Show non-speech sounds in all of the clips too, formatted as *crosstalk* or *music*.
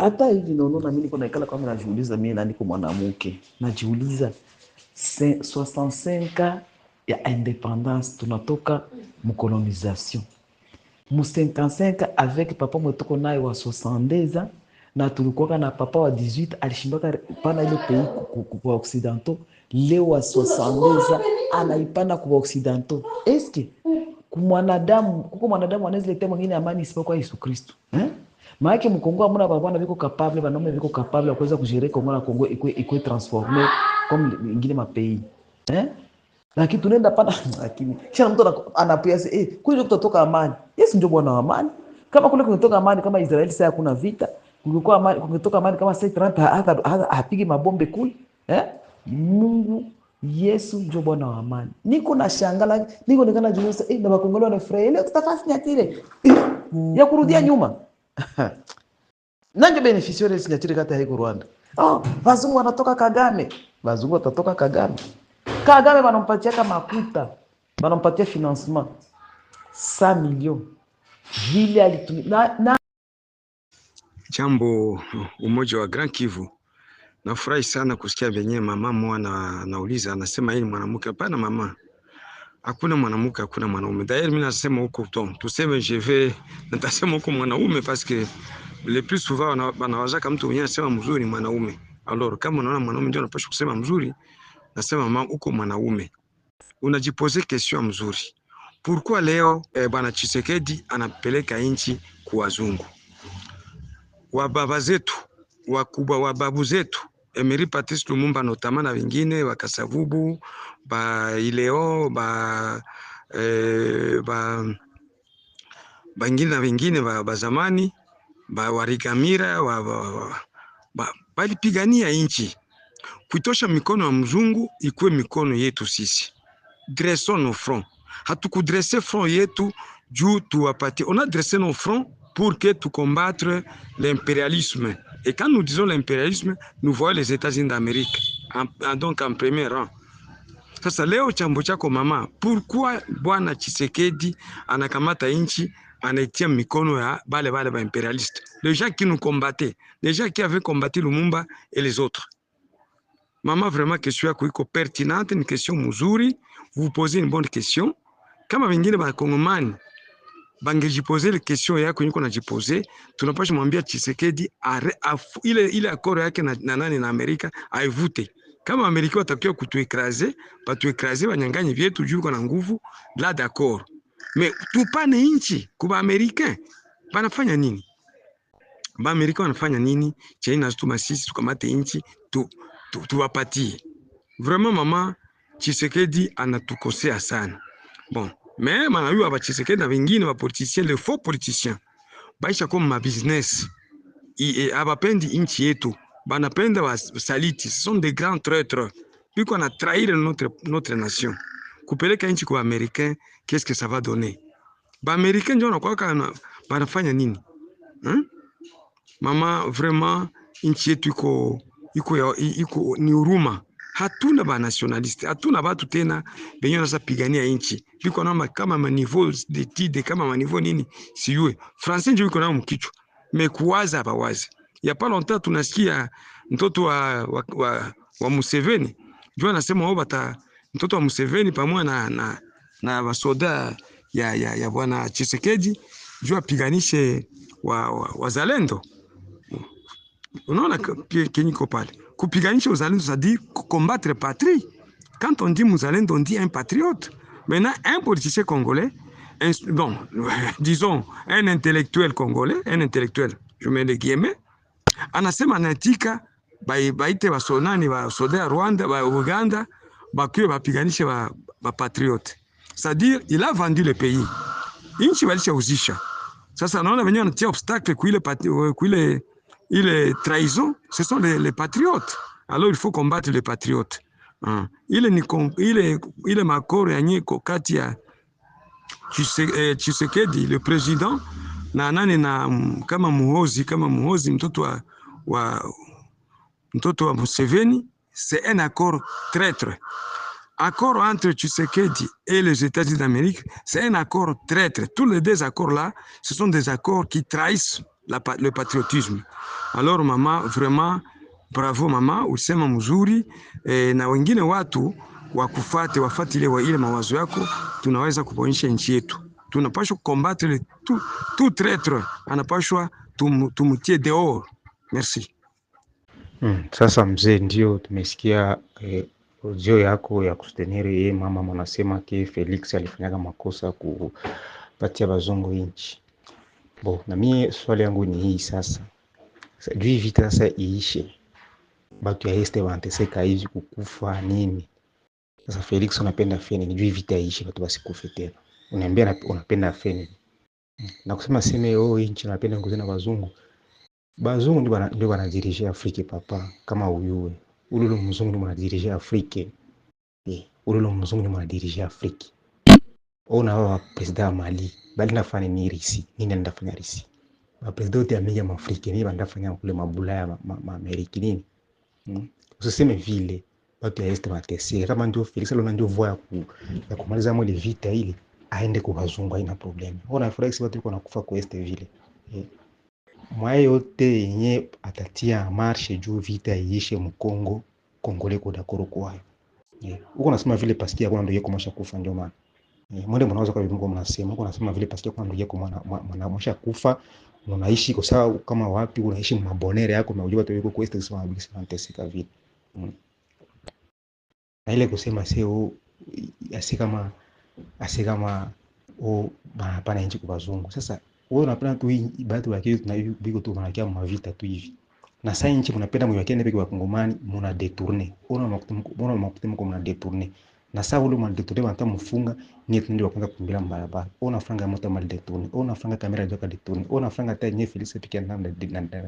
hata hivi naonona mimi niko naikala kama najiuliza, mimi na mwanamke najiuliza 65 ya independance tunatoka mkolonisation mu 55 avec papa mwetuko naye wa 62 na tulikuwaka na papa wa 18 alishindwaka pana ile pei kwa occidentaux, leo wa 62 anaipana kwa occidentaux. Eske kumwanadamu kuko mwanadamu anaweza mwingine amani isipokuwa Yesu Kristo eh? maake mkongo amuna bana viko capable banaume viko capable wakuweza kujere Kongo na Kongo ikwe ikwe transforme comme ingine mapei eh lakini tunaenda pana *laughs* lakini kisha mtu anapia sasa eh kule kutotoka amani yes ndio bwana wa amani kama kule kutotoka amani kama Israeli sasa hakuna vita kungekuwa amani kungetoka amani kama sasa Trump hata hapigi mabombe kule eh Mungu Yesu ndio Bwana wa amani. Niko na shangala, niko nikana jiuliza eh, na bakongolo na leo tutafanya nyatire eh, ya kurudia nyuma. *laughs* nange beneficiaries signature kata haiku Rwanda. Oh, wazungu wanatoka Kagame, vazungu watatoka Kagame. Kagame wanampatia kama makuta, wanampatia financement 100 milioni vile alitumia na, jambo umoja wa Grand Kivu. Nafurahi sana kusikia venye mama mwana anauliza anasema yeye ni mwanamke. Hapana mama hakuna mwanamke, hakuna mwanaume. Dhahiri mimi nasema huko ton, tuseme jeve, nitasema huko mwanaume parce que le plus souvent wanawazaka mtu mwenyewe anasema mzuri mwanaume. Alors kama unaona mwanaume ndio unapaswa kusema mzuri, nasema mama huko mwanaume. Unajipose question mzuri. Pourquoi leo eh, bwana Chisekedi anapeleka inchi kwa wazungu? Wa baba zetu, wakubwa wa babu zetu Emery Patrice Lumumba notama na wengine Bakasavubu baileo ba, Ileo ba bangine eh, na wengine bazamani ba warigamira ba, ba, ba, balipigania inchi kuitosha mikono ya mzungu ikuwe mikono yetu sisi. dresser nos fronts, hatukudresse front yetu juu tuwapatie, on a dressé nos fronts pour que combattre l'impérialisme Et quand nous disons l'impérialisme, nous voyons les États-Unis d'Amérique, en, donc en premier rang. Ça, leo chambo chako mama, pourquoi Bwana Tshisekedi anakamata inchi Anetiam mikono ya bale bale ba impérialistes, les gens qui nous combattaient, les gens qui avaient combattu Lumumba et les autres. Maman, vraiment question à iko pertinente, une question Muzuri, vous posez une bonne question. Kama vingine ba kongoman. bangejipose ile kestion yako yenyewe najipoze, tunapasha mwambia Chisekedi are, afu, ile, ile akoro yake na, na nani na Amerika aivute kama Amerika watakiwa kutuekraze batuekraze wanyanganye vyetu juu kwa na nguvu la d'accord me tupane inchi kuba Amerika banafanya nini? Ba Amerika wanafanya nini? Cheni nazituma sisi tukamate inchi tu, tu, tuwapatie. Vraiment mama Chisekedi anatukosea sana bon mema na biyo abachesekedi na bengine bapolitisien le faux politicien baisha koma mabusiness abapendi inchi yetu, banapenda basaliti. Ce sont des grands traîtres biko na trahir notre, notre nation kupeleka inchi kwa americain. Qu'est-ce que ça va donner? Ba americain ndio wanakuwa banafanya nini hmm? Mama, vraiment inchi yetu iko iko ni huruma hatuna ba nationaliste, hatuna batu tena benye wanaweza pigania nchi biko na kama maniveau de tide kama maniveau nini siwe français ndio biko nao mkichwa mekuwaza bawazi ya pa longtemps. Tunasikia mtoto wa wa, wa, wa Museveni jua anasema wao bata mtoto wa Museveni pamoja na na na wasoda ya ya, ya bwana Chisekeji jua piganishe wa, wa, wazalendo unaona kenye kiko pale Kupiganisha uzalendo, ça dit combattre patrie. Quand on dit muzalendo, on dit un patriote. Maintenant, un politicien congolais, un, bon, *laughs* disons, un intellectuel congolais, un intellectuel, je mets les guillemets, anasema natika baite basonani basoda ya Rwanda, ba Uganda, bakiwe bapiganishe patriote. C'est-à-dire, il a vendu le pays. Nchi walishauzisha. Sasa naona wenyewe wanatia obstacle kuile euh, kuile il est trahison, ce sont les, patriotes. Alors il faut combattre les patriotes. Hein. ma niko, il Tu sais, tu sais le président, na nane na kama Muhozi kama Muhozi mtoto wa, wa mtoto c'est un accord traître. Accord entre Tshisekedi et les États-Unis d'Amérique, c'est un accord traître. Tous les deux accords là, ce sont des accords qui trahissent la, le patriotisme. Alors mama, vraiment bravo mama, usema mzuri e, na wengine watu wakufate wafatile wa ile mawazo yako, tunaweza kuponyesha nchi yetu. Tunapashwa kukombatre tu, tu anapashwa tum, tumutie dehors. Merci. Hmm, sasa mzee, ndio tumesikia eh, ojio yako ya kusteneri ye mama mwanasema ke Felix alifanyaga makosa kupatia bazungu inchi Bon, na mi swali yangu ni hii sasa, sijui vita sasa iishe, batu ya este wanateseka hivi kukufa nini? Sasa Felix, unapenda feni, nijui vita iishe, batu basikufe tena. Unaambia unapenda feni na kusema seme oh, nchi napenda ngozi na wazungu. Bazungu ndio wanadirija Afrika papa, kama uyue ululo mzungu ndio wanadirija Afrika eh, ululo mzungu ndio wanadirija Afrika. Ona wa president wa Mali bali nafanya ni risi nini ndafanya risi maprezida yote ya mija maafrika ni bandafanya kule ya maameriki ma, ma nini mm? usiseme vile watu yaeste matesi kama ndio Felix alona ndio voya ku, ya kumaliza mwele vita ile aende kwa wazungu, haina problem. Ona Felix watu wako nakufa kwa este vile eh. Mwaye yote yenye atatia marche juu vita iishe mkongo kongole kwa dakoro kwayo yeah. Uko nasema vile paski kuna ndio yeko kufa ndio maana Eh, Mwili mnaweza kwa Mungu mnasema, Mungu anasema vile pasipo kwa ndugu yako mwana mwisha kufa, unaishi kwa sababu kama wapi unaishi mabonere yako na ujua tu kwa Yesu sana bisi na teseka vile. Mm. Na ile kusema sio asi kama asi kama o bana nchi kwa wazungu. Sasa wewe unapenda tu hii baadhi ya kitu na biko tu mnakia mavita tu hivi. Na sasa nchi mnapenda mwakie ndio kwa Kongomani mna detourner. Ona makutumu mna detourner na saa ule maldetone watamufunga nye tunde wakwenda kumbila mbarabara ona franga moto maldetone ona franga kamera joka detone ona franga ta nye Felix pika na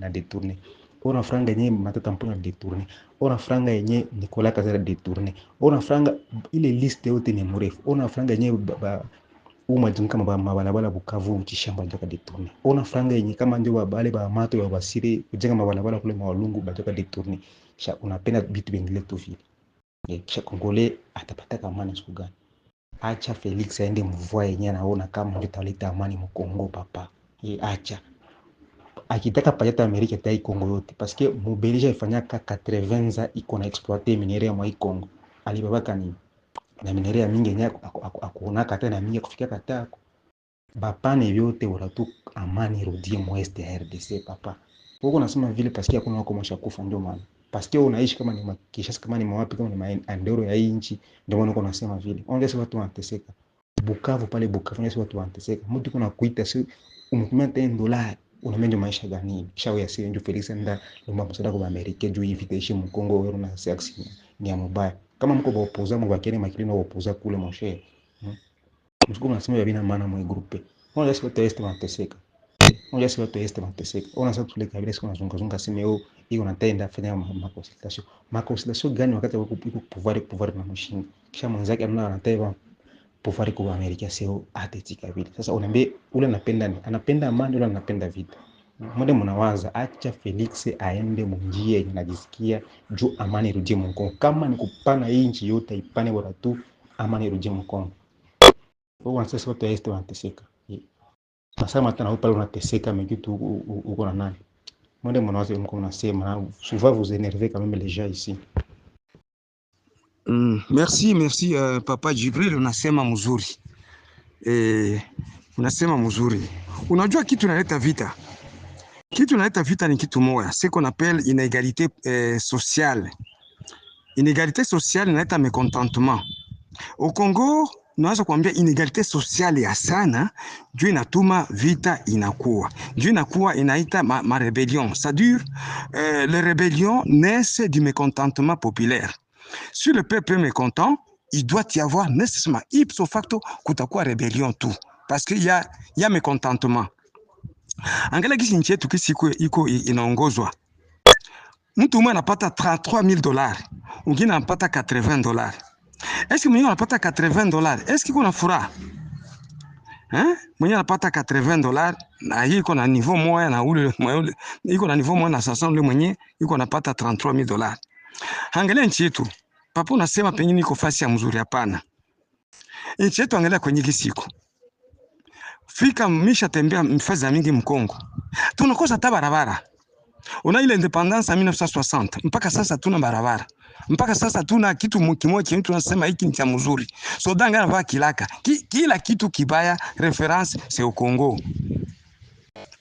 na detone ona franga nye matata mponya detone ona franga yenye Nicola Kazara detone ona franga ile list yote ni mrefu ona franga yenye umajini kama mabalabala Bukavu chishamba joka detone ona franga yenye kama ndio babale ba mato ya basire kujenga mabalabala kule mawalungu bajoka detone sha unapenda bitu bengile tu vile kisha Kongole atapataka amani siku gani? Acha Felix aende mvua yenyewe, anaona kama ndio italeta amani mkongo papa. Ye acha akitaka pajata Amerika tai Kongo yote paske mubelija ifanyaka 80 ans iko na exploiter ya mwa Kongo alibabaka ni na ya mingi yenyewe akuonaka tena mingi kufikia kata katako bapane vyote uratu amani irudie mweste RDC papa huko, nasema vile paske hakuna wako mshakufa ndio maana paske unaishi kama ni Kinshasa, kama ni mawapi, kama ni andero ya hii nchi. Ndio maana uko unasema vile Ongea sio watu wanateseka Bukavu pale Bukavu, ndio watu wanateseka. Mtu kuna kuita si umetumia ten dola unamenja maisha gani? Kisha wewe asiye ndio Felix anda ndio msaada kwa Amerika juu invitation mkongo wewe una saksi ni ya mbaya. Kama mko ba opoza mko bakeni makilini hmm? wa opoza kule moshe. Msukumo anasema bina maana mwe grupe. ongea sio watu wanateseka unajua watu este wanateseka, unasema tupeleke kabisa, kuna zunga zunga simu yao hiyo, unatenda fanya makonsultation. Makonsultation gani wakati wako iko pouvoir pouvoir na mshinga, kisha mwanzake amna anateva pouvoir kwa Amerika sio atetika vile. Sasa unaambie ule anapenda ni anapenda amani, ule anapenda vita mode munawaza, acha Felix aende munjia yenye najisikia juu amani irudie Mkongo. Kama ni kupana hii nchi yote ipane bora tu amani irudie Mkongo. Wanasasa watu waeste wanateseka Nasema tena hapo pale unateseka mkitu uko na nani? Mwende mwanawake mko unasema souvent vous énervez quand même les gens ici. Mm, merci merci uh, Papa Jibril unasema mzuri. Eh, unasema mzuri. Unajua kitu naleta vita. Kitu naleta vita ni kitu moja, c'est qu'on appelle inégalité eh, sociale. Inégalité sociale naleta mécontentement. Au Congo nous Naweza kuambia inegalite sociale et sana juu inatuma vita inakuwa juu inakuwa inaita ma, ma rebellion ça dure euh, les rébellions naissent du mécontentement populaire si le peuple est mécontent il doit y avoir nécessairement ipso facto kutakuwa rébellion tout parce qu'il y a, il y a mécontentement angalia kisi nchi yetu kisi iko inaongozwa mtu mmoja anapata 000 dollars mwingine anapata 80 dollars Eski mwenyewe anapata 80 dolari, eski kuna furaha eh? Mwenyewe anapata 80 dolari na hii iko na niveau moja na ule iko na niveau moja na sasa, ule mwenyewe iko anapata 33000 dolari. Angalia nchi yetu papa, unasema pengine iko fasi ya mzuri. Hapana, nchi yetu angalia kwenye kisiko fika, misha tembea mifazi ya mingi Mkongo, tunakosa ta barabara. Una ile independence ya 1960 mpaka sasa tuna barabara mpaka sasa tuna kitu kimoja mtu anasema hiki ni cha mzuri. So danga anavaa kilaka Ki, kila kitu kibaya reference c'est au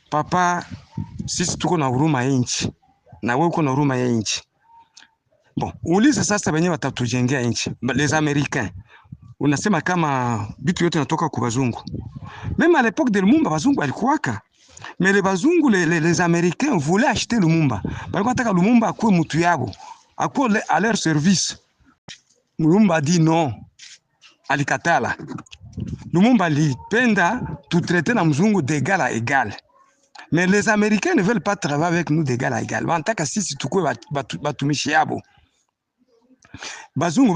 Papa, sisi tuko na huruma ya nchi na wewe uko na huruma ya nchi. Bon, ulize sasa wenyewe watatujengea nchi les Americains unasema kama vitu yote natoka kwa wazungu. Même à l'époque de Lumumba wazungu walikuwaka. Mais les wazungu les, les, les Américains voulaient acheter Lumumba. Balikuwa nataka Lumumba akuwe mtu yabo. à, leur service. Mulumba dit non. Alikatala. Lumumba penda. tout traiter na mzungu d'égal à égal. Mais les Américains ne veulent pas travailler avec nous d'égal à égal. Bazungu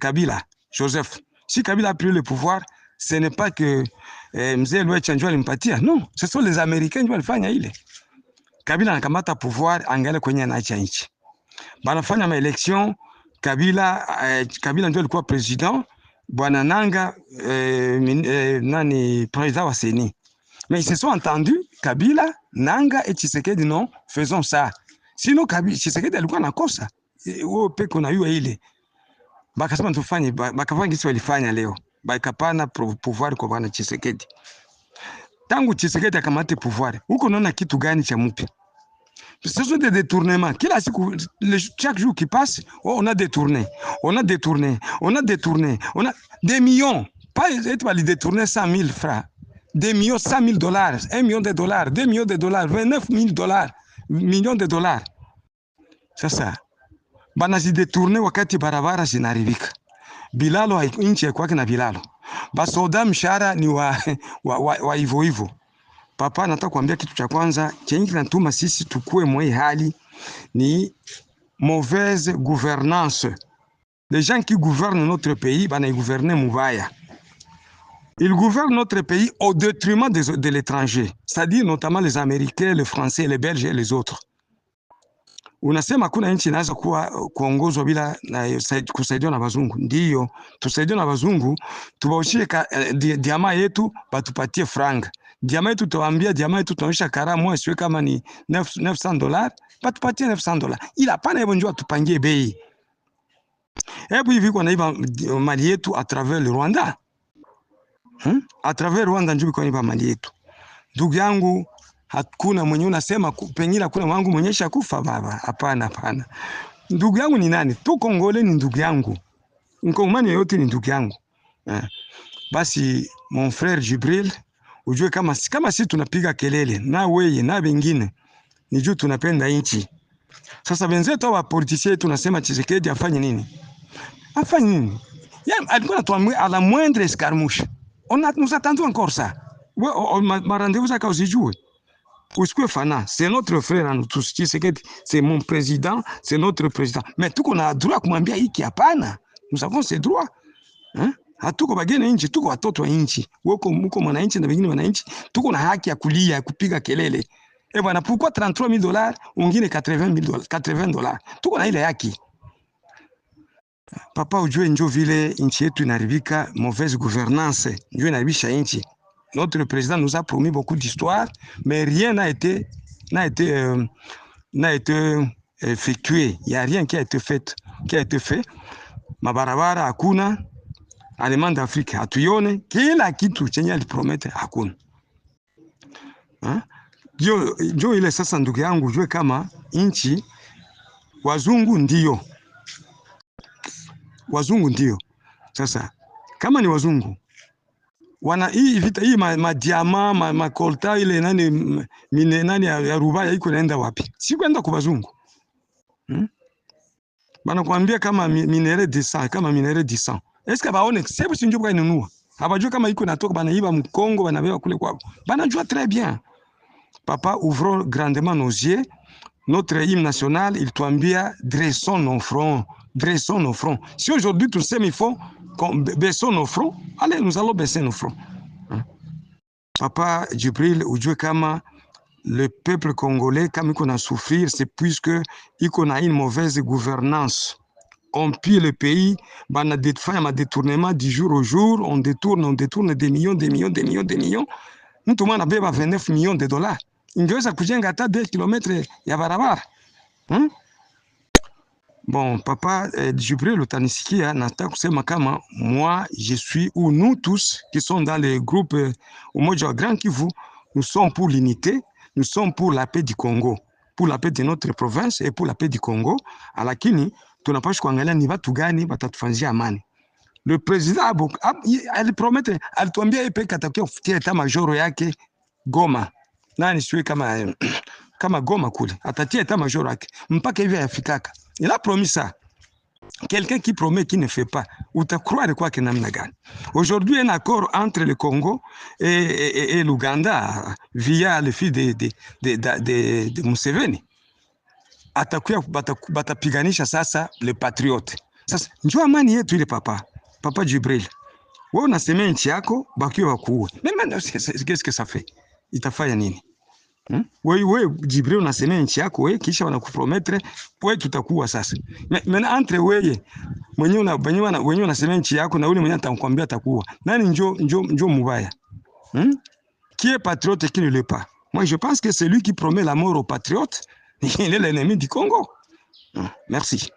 Kabila Joseph. Si Kabila a le pouvoir, ce n'est pas que eh, mzee Luecha ndio alimpatia. sont les qui qui ndio walifanya ile. Kabila anakamata pouvoir angalia kwenye anaacha nchi. Banafanya election Kabila eh, Kabila ndio alikuwa president Bwana Nanga eh, eh, nani président wa CENI. Mais ils se sont entendus Kabila, Nanga et Tshisekedi non, faisons ça. Sinon Kabila Tshisekedi alikuwa kosa. Eh, wewe peke unayua ile. Bakasema tufanye bakafanya kisi walifanya leo. baikapana pouvoir kwa bwana Chisekedi. Tangu Chisekedi akamate pouvoir, huko naona kitu gani cha mpya? Ce sont des détournements. Kila siku, le, chaque jour qui passe, oh, on a détourné, on a détourné, on a détourné, on a des millions. Pas être pas détourner 100 000 francs, des millions, 100 000 dollars, 1 million de dollars, 2 millions de dollars, 29 000 dollars, millions de dollars. Sasa, banazi détourner wakati barabara zinaharibika. Bilalo nchi kwake na Bilalo. Basoda mshahara ni wa, wa, wa, wa hivyo hivyo. Papa, nataka kuambia kitu cha kwanza chenye kinatuma sisi tukue mwei hali ni mauvaise gouvernance. Les gens qui gouvernent notre pays bana gouverner mubaya. Ils gouvernent notre pays au détriment de l'étranger, c'est-à-dire notamment les Américains, les Français, les Belges et les autres. Unasema hakuna nchi inaweza kuwa kuongozwa bila na kusaidiwa na wazungu. Ndio, tusaidiwe na wazungu, tubaoshie eh, di, diama yetu, batupatie franga diama yetu. tuwaambia diama yetu tunaonyesha karamu siwe kama ni 900 dola, batupatie 900 dola, ila pana hivyo njoo tupangie bei. Hebu hivi kwa naiba eh, mali yetu a travers Rwanda, hmm? a travers Rwanda njoo kwa naiba mali yetu, ndugu yangu hakuna mwenye unasema pengine hakuna wangu mwenye shakufa baba. Hapana, hapana. Ndugu yangu ni nani? Tu Kongole ni ndugu yangu, mkongomani yote ni ndugu yangu eh. Basi mon frère Jibril, ujue kama, kama si tunapiga kelele na weye na wengine ni juu tunapenda nchi. Sasa wenzetu wa politisi yetu tunasema Tshisekedi afanye nini? Afanye nini? Ya alikuwa anatuambia ala moindre escarmouche. On a nous attendons encore ça. Ouais, on, ma, ma rendez-vous à cause du jour usikue fana, c'est notre frère na tous. Tshisekedi c'est mon président, c'est notre président, mais tuko na droit kumwambia hiki hapana. Nous avons ce droit hein? Hatuko ah, bageni nchi, tuko watoto wa nchi. Weko mko mwananchi na wengine wananchi, tuko na haki ya kulia, kupiga kelele. Eh bwana, pourquoi 33000 dollars wengine 80000 dollars, 80 dollars? Tuko na ile haki papa, ujue njo vile nchi yetu inaribika, mauvaise gouvernance njo inaribisha nchi Notre président nous a promis beaucoup d'histoires, mais rien n'a été, n'a été, euh, n'a été effectué. Il n'y a rien qui a été fait. Qui a été fait. Mabarabara hakuna, Allemand d'Afrique hatuione, kila kitu chenye alipromete hakuna ha? jo, jo ile sasa, ndugu yangu, jue kama nchi wazungu ndio wazungu ndio sasa, kama ni wazungu wana hii vita hii ma, madiama ma, makolta ile nani mine nani ya, ya Rubaya iko naenda wapi? Si kwenda kwa bazungu hmm? bana kuambia kama minere de sang kama minere de desa eske baone sebu sinjo bwa inunua abajua kama iko natoka banaiba mkongo bana banabeba kule kwao bana jua très bien papa ouvre grandement nos yeux notre hymne national il tuambia dressons nos fronts dressons nos fronts si aujourd'hui tuseme il faut baissons nos fronts. Allez, nous allons baisser nos fronts. Hein. Papa Djibril Kama, le peuple congolais, comme il a souffrir, c'est puisque il a une mauvaise gouvernance. On pille le pays, bah, on a des un détournement du jour au jour, on détourne, on détourne des millions, des millions, des millions, des millions. Nous, tout le monde a 29 millions de dollars. Il y a 2 km de barabar. Hein? Bon, papa eh, Jubril Lutanisikia hein, nataka kusema kama moi je suis ou nous tous qui sommes dans les groupes euh, au Umoja wa Grand Kivu, nous sommes pour l'unité, nous sommes pour la paix du Congo, pour la paix de notre province et pour la paix du Congo, la Kini, tout kuangalia ni watu gani à amani. Le président a a president alipromettre, alituambia yeye peke atakuja major il a yake Goma. Nani siwe kama kama Goma kule. Atatia eta majoro yake. Mpaka hivi hayafikaka. Il a promis ça. Quelqu'un qui promet, qui ne fait pas, quoi que kina namna gani? Aujourd'hui, un accord entre le Congo et, l'Ouganda via le fils de, de, de, de, de Museveni batapiganisha sasa le patriote. Sasa njoo amani yetu ile, papa papa Jibril, wewe unasemea nchi yako bakiwa Mais qu'est-ce que ça fait? Il Itafanya nini? Hmm? Wewe wewe Jibril unasemea nchi yako wewe kisha wanakuprometre wewe tutakuwa sasa. mena entre wewe mwenyewe una mwenyewe na wenyewe unasemea nchi yako na yule mwenyewe atakwambia atakuwa. Nani njo njo njo mubaya? Hmm? Qui est patriote qui ne l'est pas? Moi je pense que celui qui promet la mort aux patriotes, *laughs* il est l'ennemi du Congo. Hmm. Merci.